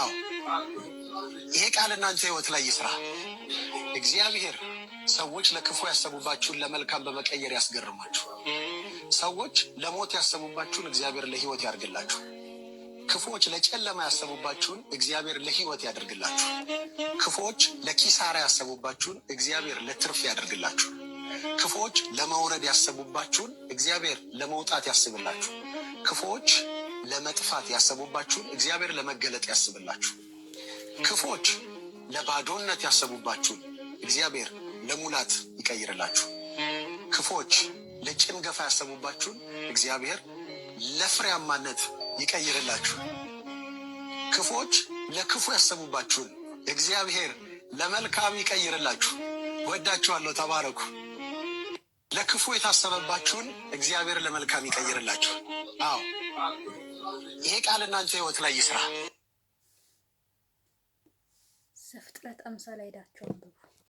አዎ ይሄ ቃል እናንተ ህይወት ላይ ይስራ። እግዚአብሔር ሰዎች ለክፉ ያሰቡባችሁን ለመልካም በመቀየር ያስገርማችሁ። ሰዎች ለሞት ያሰቡባችሁን እግዚአብሔር ለህይወት ያደርግላችሁ ክፉዎች ለጨለማ ያሰቡባችሁን እግዚአብሔር ለህይወት ያደርግላችሁ። ክፉዎች ለኪሳራ ያሰቡባችሁን እግዚአብሔር ለትርፍ ያደርግላችሁ። ክፉዎች ለመውረድ ያሰቡባችሁን እግዚአብሔር ለመውጣት ያስብላችሁ። ክፉዎች ለመጥፋት ያሰቡባችሁን እግዚአብሔር ለመገለጥ ያስብላችሁ። ክፎች ለባዶነት ያሰቡባችሁን እግዚአብሔር ለሙላት ይቀይርላችሁ። ክፎች ለጭንገፋ ያሰቡባችሁን እግዚአብሔር ለፍሬያማነት ይቀይርላችሁ። ክፎች ለክፉ ያሰቡባችሁን እግዚአብሔር ለመልካም ይቀይርላችሁ። ወዳችኋለሁ። ተባረኩ። ለክፉ የታሰበባችሁን እግዚአብሔር ለመልካም ይቀይርላችሁ። አዎ ይሄ ቃል እናንተ ህይወት ላይ ይስራ። ዘፍጥረት አምሳ ላይ ሄዳችሁ አንብቡ።